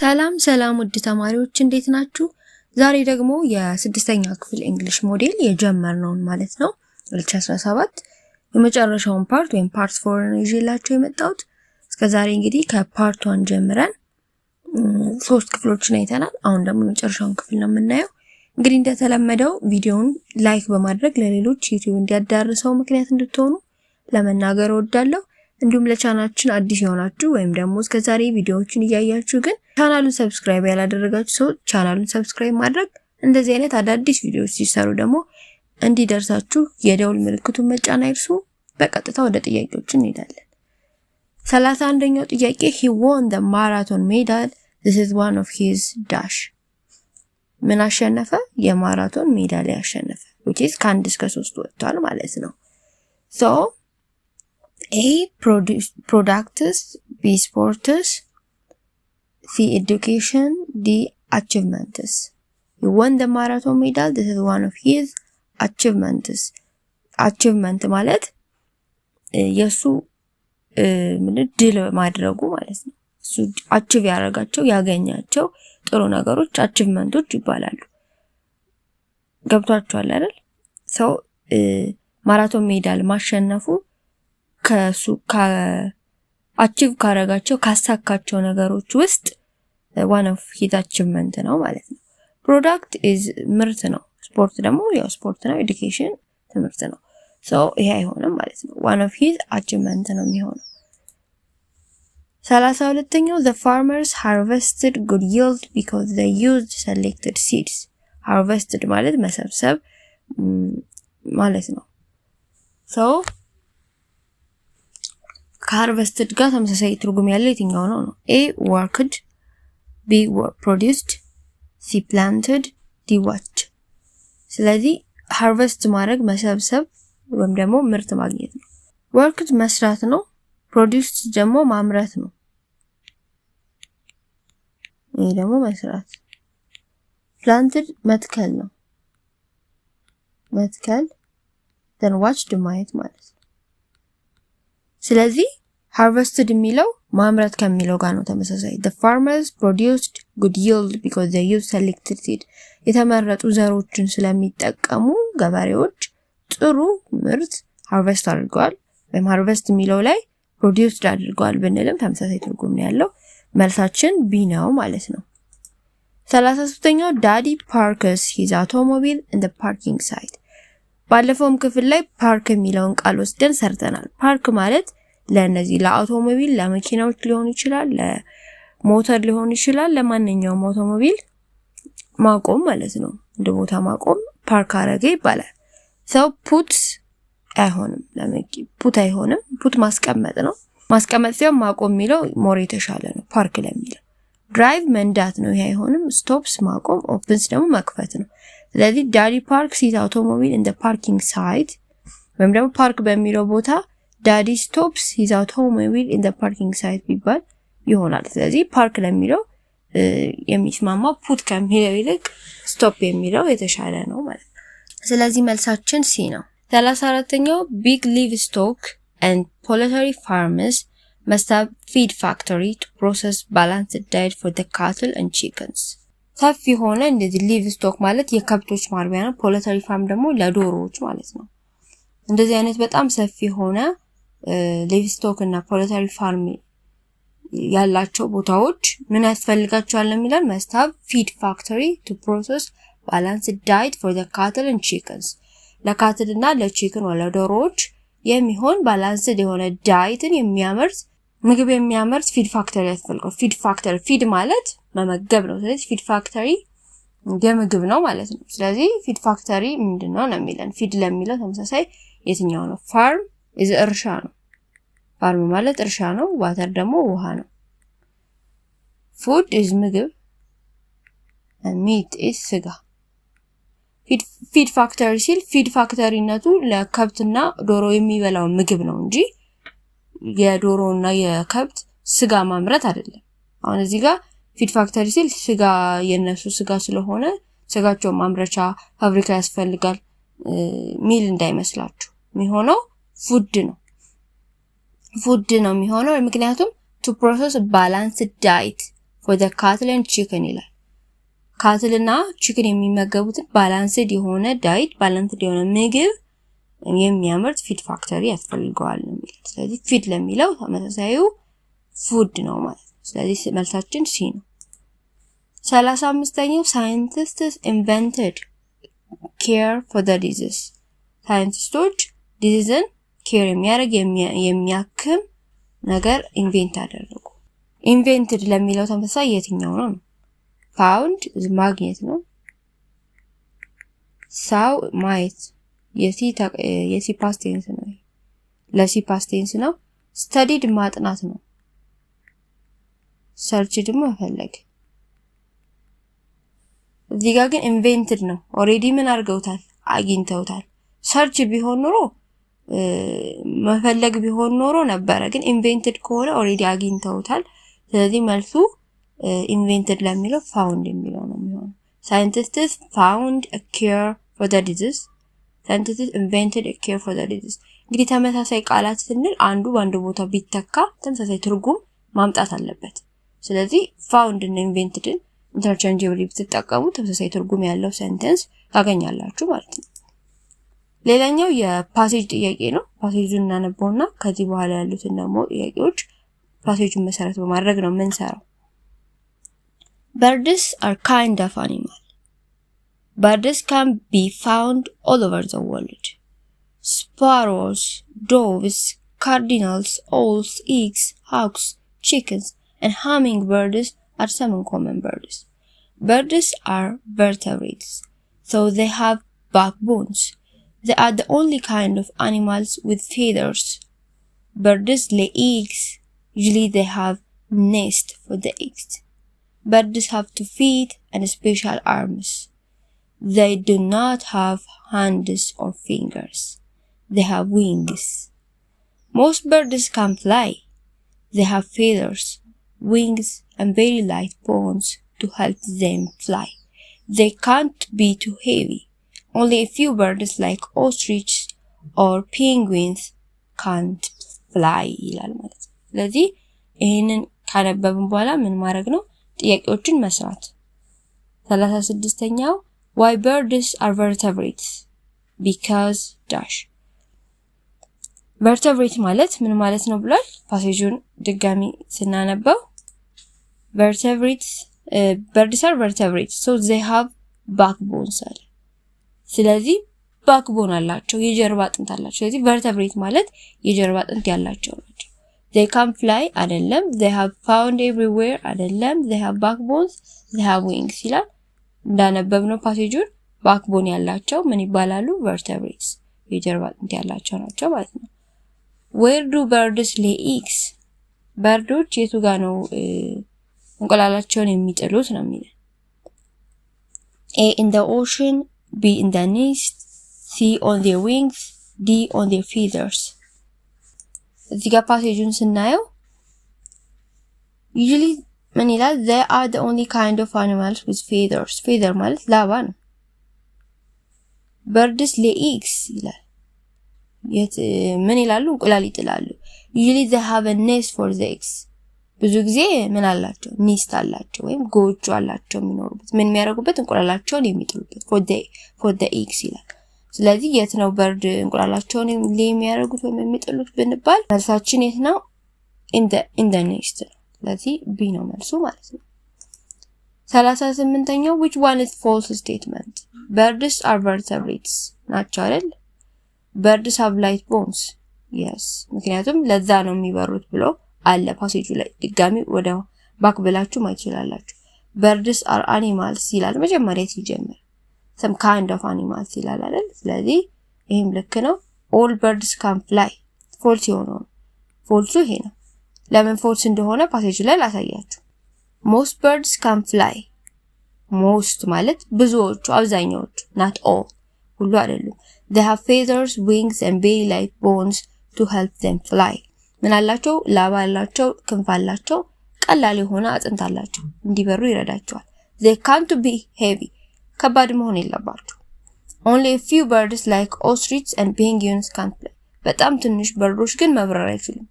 ሰላም ሰላም ውድ ተማሪዎች እንዴት ናችሁ? ዛሬ ደግሞ የስድስተኛ ክፍል እንግሊሽ ሞዴል የጀመርነውን ማለት ነው 2017 የመጨረሻውን ፓርት ወይም ፓርት ፎር ነው ይዤላችሁ የመጣሁት። እስከዛሬ እንግዲህ ከፓርት ዋን ጀምረን ሶስት ክፍሎችን አይተናል። አሁን ደግሞ የመጨረሻውን ክፍል ነው የምናየው። እንግዲህ እንደተለመደው ቪዲዮውን ላይክ በማድረግ ለሌሎች ዩቲዩብ እንዲያዳርሰው ምክንያት እንድትሆኑ ለመናገር እወዳለሁ። እንዲሁም ለቻናችን አዲስ የሆናችሁ ወይም ደግሞ እስከዛሬ ቪዲዮዎችን እያያችሁ ግን ቻናሉን ሰብስክራይብ ያላደረጋችሁ ሰዎች ቻናሉን ሰብስክራይብ ማድረግ፣ እንደዚህ አይነት አዳዲስ ቪዲዮዎች ሲሰሩ ደግሞ እንዲደርሳችሁ የደውል ምልክቱን መጫን አይርሱ። በቀጥታ ወደ ጥያቄዎች እንሄዳለን። ሰላሳ አንደኛው ጥያቄ ሂ ዎን ዘ ማራቶን ሜዳል ዚስ ኢዝ ዋን ኦፍ ሂዝ ዳሽ ምን አሸነፈ? የማራቶን ሜዳሊያ አሸነፈ። which is ከአንድ እስከ ሶስት ወጥቷል ማለት ነው። so a products b sports في education the achievements. He won the marathon medal. This is one of his achievements. achievement ማለት eh, የሱ eh, ምን ድል ማድረጉ ማለት ነው። እሱ አቺቭ ያደረጋቸው ያገኛቸው ጥሩ ነገሮች አቺቭመንቶች ይባላሉ። ገብቷችኋል አይደል? ሰው ማራቶን eh, ሜዳል ማሸነፉ ከሱ አቺቭ ካረጋቸው ካሳካቸው ነገሮች ውስጥ ዋን ኦፍ ሂዝ አቺቭመንት ነው ማለት ነው። ፕሮዳክት ኢዝ ምርት ነው። ስፖርት ደግሞ ያው ስፖርት ነው። ኤዱኬሽን ትምህርት ነው። ሶ ይሄ አይሆንም ማለት ነው። ዋን ኦፍ ሂዝ አቺቭመንት ነው የሚሆነው። ሰላሳ ሁለተኛው ዘ ፋርመርስ ሃርቨስትድ ጉድ ይልድ ቢኮዝ ዘ ዩዝድ ሴሌክትድ ሲድስ። ሃርቨስትድ ማለት መሰብሰብ ማለት ነው። ሰው ከሃርቨስትድ ጋር ተመሳሳይ ትርጉም ያለው የትኛው ነው ነው? ኤ ወርክድ ቢ ፕሮዲውስድ፣ ሲ ፕላንትድ፣ ዲ ዋችድ። ስለዚህ ሃርቨስት ማድረግ መሰብሰብ ወይም ደግሞ ምርት ማግኘት ነው። ወርክድ መስራት ነው። ፕሮዲውስድ ደግሞ ማምረት ነው። ይህ ደግሞ መስራት። ፕላንትድ መትከል ነው መትከል፣ ዘን ዋችድ ማየት ማለት ነው። ስለዚህ ሃርቨስትድ የሚለው ማምረት ከሚለው ጋር ነው ተመሳሳይ። the farmers produced good yield because they used selected seed የተመረጡ ዘሮችን ስለሚጠቀሙ ገበሬዎች ጥሩ ምርት ሃርቨስት አድርገዋል። ወይም ሃርቨስት የሚለው ላይ ፕሮዲውስድ አድርገዋል ብንልም ተመሳሳይ ትርጉም ነው ያለው። መልሳችን ቢ ነው ማለት ነው። ሰላሳ ኛው ዳዲ ፓርክስ ሂዝ አውቶሞቢል ኢን ፓርኪንግ ሳይት። ባለፈውም ክፍል ላይ ፓርክ የሚለውን ቃል ወስደን ሰርተናል። ፓርክ ማለት ለእነዚህ ለአውቶሞቢል ለመኪናዎች ሊሆን ይችላል፣ ለሞተር ሊሆን ይችላል። ለማንኛውም አውቶሞቢል ማቆም ማለት ነው። እንደ ቦታ ማቆም ፓርክ አረገ ይባላል። ሰው ፑት አይሆንም፣ ፑት አይሆንም። ፑት ማስቀመጥ ነው። ማስቀመጥ ሲሆን ማቆም የሚለው ሞር የተሻለ ነው፣ ፓርክ ለሚለው ድራይቭ መንዳት ነው። ይህ አይሆንም። ስቶፕስ ማቆም፣ ኦፕንስ ደግሞ መክፈት ነው። ስለዚህ ዳዲ ፓርክ ሲት አውቶሞቢል እንደ ፓርኪንግ ሳይት ወይም ደግሞ ፓርክ በሚለው ቦታ ዳዲ ስቶፕስ ሂዝ አት ሆም ዊል ኢን ዘ ፓርኪንግ ሳይት ቢባል ይሆናል። ስለዚህ ፓርክ ለሚለው የሚስማማ ፑት ከሚለው ይልቅ ስቶፕ የሚለው የተሻለ ነው ማለት ነው። ስለዚህ መልሳችን ሲ ነው። ሰላሳ አራተኛው ቢግ ሊቭ ስቶክ ኤንድ ፖለታሪ ፋርምስ መስት ፊድ ፋክቶሪ ቱ ፕሮሰስ ባላንስ ዳይት ፎር ደ ካትል ኤንድ ቺከንስ ሰፊ የሆነ እንደዚህ ሊቭ ስቶክ ማለት የከብቶች ማርቢያ ነው። ፖለታሪ ፋርም ደግሞ ለዶሮዎች ማለት ነው። እንደዚህ አይነት በጣም ሰፊ የሆነ ሌቪስቶክ እና ፖለታሪ ፋርም ያላቸው ቦታዎች ምን ያስፈልጋቸዋል የሚለን መስታብ ፊድ ፋክተሪ ቱ ፕሮሰስ ባላንስ ዳይት ፎር ዘ ካትል ን ቺክንስ ለካትል እና ለቺክን ለዶሮዎች የሚሆን ባላንስድ የሆነ ዳይትን የሚያመርት ምግብ የሚያመርት ፊድ ፋክተሪ ያስፈልገው። ፊድ ፋክተሪ ፊድ ማለት መመገብ ነው። ስለዚህ ፊድ ፋክተሪ የምግብ ነው ማለት ነው። ስለዚህ ፊድ ፋክተሪ ምንድን ነው ነው የሚለን ፊድ ለሚለው ተመሳሳይ የትኛው ነው ፋርም እርሻ ነው። ፋርም ማለት እርሻ ነው። ዋተር ደግሞ ውሃ ነው። ፉድ ኢዝ ምግብ፣ ሚት ኢዝ ስጋ። ፊድ ፋክተሪ ሲል ፊድ ፋክተሪነቱ ለከብትና ዶሮ የሚበላውን ምግብ ነው እንጂ የዶሮና የከብት ስጋ ማምረት አይደለም። አሁን እዚህ ጋር ፊድ ፋክተሪ ሲል ስጋ የነሱ ስጋ ስለሆነ ስጋቸው ማምረቻ ፋብሪካ ያስፈልጋል ሚል እንዳይመስላችሁ የሚሆነው ፉድ ነው ፉድ ነው የሚሆነው። ምክንያቱም ቱ ፕሮሰስ ባላንስ ዳይት ፎር ዘ ካትል ኤንድ ቺክን ይላል። ካትልና ቺክን የሚመገቡትን ባላንስድ የሆነ ዳይት ባላንስድ የሆነ ምግብ የሚያመርት ፊድ ፋክተሪ ያስፈልገዋል ነው የሚለው። ስለዚህ ፊድ ለሚለው ተመሳሳዩ ፉድ ነው ማለት ነው። ስለዚህ መልሳችን ሲ ነው። ሰላሳ አምስተኛው ሳይንቲስትስ ኢንቨንትድ ኬር ፎር ዲዚዝ ሳይንቲስቶች ዲዚዝን ኬር የሚያደርግ የሚያክም ነገር ኢንቬንት አደረጉ። ኢንቬንትድ ለሚለው ተመሳሳይ የትኛው ነው? ፋውንድ ማግኘት ነው። ሳው ማየት የሲ ፓስቴንስ ነው። ለሲ ፓስቴንስ ነው። ስተዲድ ማጥናት ነው። ሰርች ደግሞ መፈለግ። እዚህ ጋር ግን ኢንቬንትድ ነው። ኦሬዲ ምን አድርገውታል? አግኝተውታል። ሰርች ቢሆን ኑሮ መፈለግ ቢሆን ኖሮ ነበረ፣ ግን ኢንቬንትድ ከሆነ ኦልሬዲ አግኝተውታል። ስለዚህ መልሱ ኢንቬንትድ ለሚለው ፋውንድ የሚለው ነው የሚሆነው። ሳይንቲስትስ ፋውንድ አ ኪር ፎር ዘ ዲዚዝ፣ ሳይንቲስትስ ኢንቬንትድ አ ኪር ፎር ዘ ዲዚዝ። እንግዲህ ተመሳሳይ ቃላት ስንል አንዱ በአንድ ቦታ ቢተካ ተመሳሳይ ትርጉም ማምጣት አለበት። ስለዚህ ፋውንድ እና ኢንቬንትድን ኢንተርቼንጅብሊ ብትጠቀሙ ተመሳሳይ ትርጉም ያለው ሴንተንስ ታገኛላችሁ ማለት ነው። ሌላኛው የፓሴጅ ጥያቄ ነው። ፓሴጁን እናነበውና ከዚህ በኋላ ያሉትን ደግሞ ጥያቄዎች ፓሴጁን መሰረት በማድረግ ነው የምንሰራው። በርድስ አር ካይንድ ኦፍ አኒማል በርድስ ካን ቢ ፋውንድ ኦል ኦቨር ዘ ወርልድ ስፓሮስ ዶቭስ ካርዲናልስ ኦውልስ ኢግስ ሃውክስ ቺክንስ and hummingbirds are some common birds. Birds are vertebrates, so they have backbones. They are the only kind of animals with feathers. Birds lay eggs. Usually they have nest for the eggs. Birds have two feet and special arms. They do not have hands or fingers. They have wings. Most birds can fly. They have feathers, wings, and very light bones to help them fly. They can't be too heavy. Only a few birds like ostrich or penguins can't fly ይላል ማለት ነው። ስለዚህ ይህንን ካነበብን በኋላ ምን ማድረግ ነው? ጥያቄዎችን መስራት። ሰላሳ ስድስተኛው why birds are vertebrates because dash vertebrate ማለት ምን ማለት ነው ብሏል። ፓሴጁን ድጋሚ ስናነበው vertebrates uh, birds are vertebrates so they have backbones አለ ስለዚህ ባክቦን አላቸው፣ የጀርባ አጥንት አላቸው። ስለዚህ ቨርተብሬት ማለት የጀርባ አጥንት ያላቸው ናቸው። ዘይ can ፍላይ አይደለም፣ ዘይ ሃቭ ፋውንድ ኤቭሪዌር አይደለም፣ they have backbones ዘይ ሃቭ ዊንግስ ይላል። እንዳነበብነው ፓሴጁን ባክቦን ያላቸው ምን ይባላሉ? ቨርተብሬትስ የጀርባ አጥንት ያላቸው ናቸው ማለት ነው። where do birds lay eggs በርዶች የቱ ጋ ነው እንቁላላቸውን የሚጥሉት ነው የሚለው ኤ in the ocean B in the nest, C on their wings, D on their feathers. Ziga passage in Nile. Usually, Manila, they are the only kind of animals with feathers. Feather mal, lawan. Birds lay eggs. Yet, eh, Manila, look, lalitilalu. Usually, they have a nest for the eggs. ብዙ ጊዜ ምን አላቸው? ኒስት አላቸው ወይም ጎጆ አላቸው የሚኖሩበት። ምን የሚያደርጉበት? እንቁላላቸውን የሚጥሉበት ፎር ዘ ኤግስ ይላል። ስለዚህ የት ነው በርድ እንቁላላቸውን የሚያደርጉት ወይም የሚጥሉት ብንባል መልሳችን የት ነው? ኢን ዘ ኒስት ነው። ስለዚህ ቢ ነው መልሱ ማለት ነው። ሰላሳ ስምንተኛው which one is false statement birds are vertebrates ናቸው አይደል? birds have light bones yes ምክንያቱም ለዛ ነው የሚበሩት ብሎ አለ ፓሴጁ ላይ ድጋሚ ወደ ባክ ብላችሁ ማየት ትችላላችሁ። በርድስ አር አኒማልስ ይላል መጀመሪያ ሲጀምር ሰም ካይንድ ኦፍ አኒማልስ ይላል አይደል? ስለዚህ ይህም ልክ ነው። ኦል በርድስ ካን ፍላይ ፎልስ የሆነው ነው። ፎልሱ ይሄ ነው። ለምን ፎልስ እንደሆነ ፓሴጅ ላይ ላሳያችሁ። ሞስት በርድስ ካን ፍላይ ሞስት ማለት ብዙዎቹ፣ አብዛኛዎቹ ናት ኦል ሁሉ አይደሉም። they have feathers wings and belly like bones to help them fly ምን አላቸው? ላባ አላቸው፣ ክንፍ አላቸው፣ ቀላል የሆነ አጥንት አላቸው። እንዲበሩ ይረዳቸዋል። they can't be heavy ከባድ መሆን የለባቸው። only a few birds like ostriches and penguins can't fly በጣም ትንሽ በርዶች ግን መብረር አይችሉም።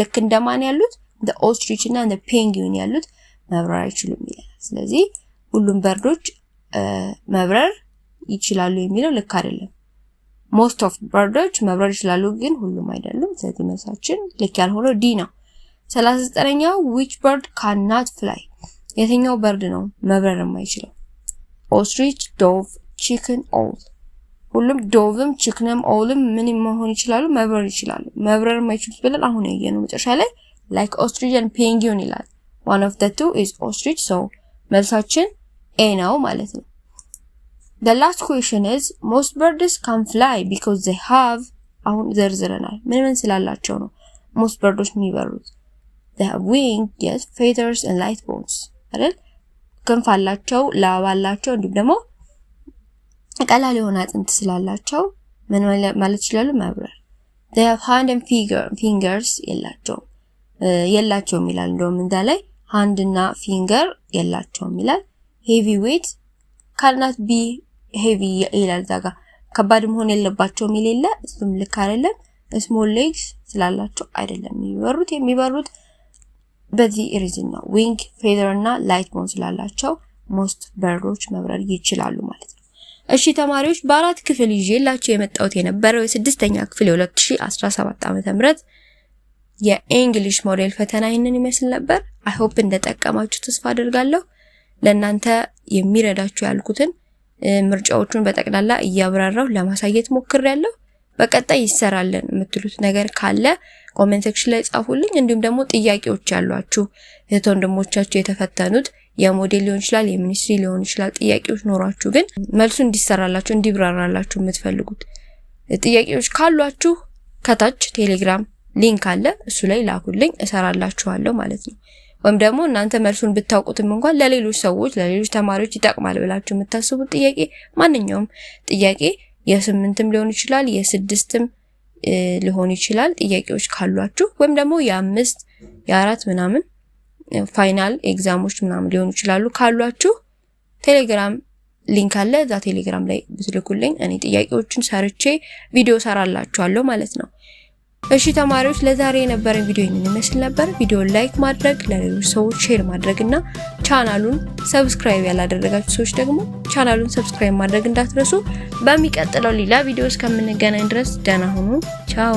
ልክ እንደማን ያሉት the ostrich እና the penguin ያሉት መብረር አይችሉም ይላል። ስለዚህ ሁሉም በርዶች መብረር ይችላሉ የሚለው ልክ አይደለም። ሞስት ኦፍ በርዶች መብረር ይችላሉ፣ ግን ሁሉም አይደሉም። ስለዚህ መልሳችን ልክ ያልሆነው ዲ ነው። 39ኛው ዊች በርድ ካናት ፍላይ፣ የትኛው በርድ ነው መብረር የማይችለው? ኦስትሪች፣ ዶቭ፣ ቺክን፣ ኦውል። ሁሉም ዶቭም ቺክንም ኦውልም ምን መሆን ይችላሉ? መብረር ይችላሉ። መብረር የማይችሉት ብለን አሁን ያየነው መጨረሻ ላይ ላይክ ኦስትሪች ኤንድ ፔንግዊን ይላል። ዋን ኦፍ ዘ ቱ ኢዝ ኦስትሪች። ሶ መልሳችን ኤ ነው ማለት ነው። The last question is most birds can fly because they have አሁን ዘርዝረናል ምን ምን ስላላቸው ነው ሞስት በርዶች የሚበሩት they have wings yes feathers and light bones አይደል ክንፍ አላቸው ላባ አላቸው እንዲሁም ደግሞ ቀላል የሆነ አጥንት ስላላቸው ምን ማለት ይችላሉ መብረር they have hand and finger fingers የላቸውም የላቸውም ይላል እንደውም እንዳ ላይ hand እና finger የላቸውም ይላል heavy weight cannot be ሄቪ ይላል እዛ ከባድ መሆን የለባቸውም የሚል የለ። እሱም ልክ አይደለም። ስሞል ሌግስ ስላላቸው አይደለም የሚበሩት። የሚበሩት በዚህ ሪዝን ነው፣ ዊንግ ፌዘር እና ላይት ቦን ስላላቸው ሞስት በርዶች መብረር ይችላሉ ማለት ነው። እሺ ተማሪዎች በአራት ክፍል ይዤላችሁ የመጣሁት የነበረው የስድስተኛ ክፍል የ2017 ዓም የኢንግሊሽ ሞዴል ፈተና ይህንን ይመስል ነበር። አይ ሆፕ እንደጠቀማችሁ ተስፋ አድርጋለሁ። ለእናንተ የሚረዳችሁ ያልኩትን ምርጫዎቹን በጠቅላላ እያብራራሁ ለማሳየት ሞክሬያለሁ። በቀጣይ ይሰራለን የምትሉት ነገር ካለ ኮሜንት ሴክሽን ላይ ጻፉልኝ። እንዲሁም ደግሞ ጥያቄዎች ያሏችሁ እህት ወንድሞቻችሁ የተፈተኑት የሞዴል ሊሆን ይችላል፣ የሚኒስትሪ ሊሆን ይችላል። ጥያቄዎች ኖሯችሁ ግን መልሱ እንዲሰራላችሁ እንዲብራራላችሁ የምትፈልጉት ጥያቄዎች ካሏችሁ ከታች ቴሌግራም ሊንክ አለ፣ እሱ ላይ ላኩልኝ፣ እሰራላችኋለሁ ማለት ነው። ወይም ደግሞ እናንተ መልሱን ብታውቁትም እንኳን ለሌሎች ሰዎች ለሌሎች ተማሪዎች ይጠቅማል ብላችሁ የምታስቡት ጥያቄ ማንኛውም ጥያቄ የስምንትም ሊሆን ይችላል፣ የስድስትም ሊሆን ይችላል። ጥያቄዎች ካሏችሁ ወይም ደግሞ የአምስት የአራት ምናምን ፋይናል ኤግዛሞች ምናምን ሊሆኑ ይችላሉ ካሏችሁ ቴሌግራም ሊንክ አለ። እዛ ቴሌግራም ላይ ብትልኩልኝ እኔ ጥያቄዎቹን ሰርቼ ቪዲዮ ሰራላችኋለሁ ማለት ነው። እሺ ተማሪዎች ለዛሬ የነበረን ቪዲዮ የሚመስል ነበር። ቪዲዮ ላይክ ማድረግ፣ ለሌሎች ሰዎች ሼር ማድረግ እና ቻናሉን ሰብስክራይብ ያላደረጋችሁ ሰዎች ደግሞ ቻናሉን ሰብስክራይብ ማድረግ እንዳትረሱ። በሚቀጥለው ሌላ ቪዲዮ እስከምንገናኝ ድረስ ደህና ሁኑ። ቻው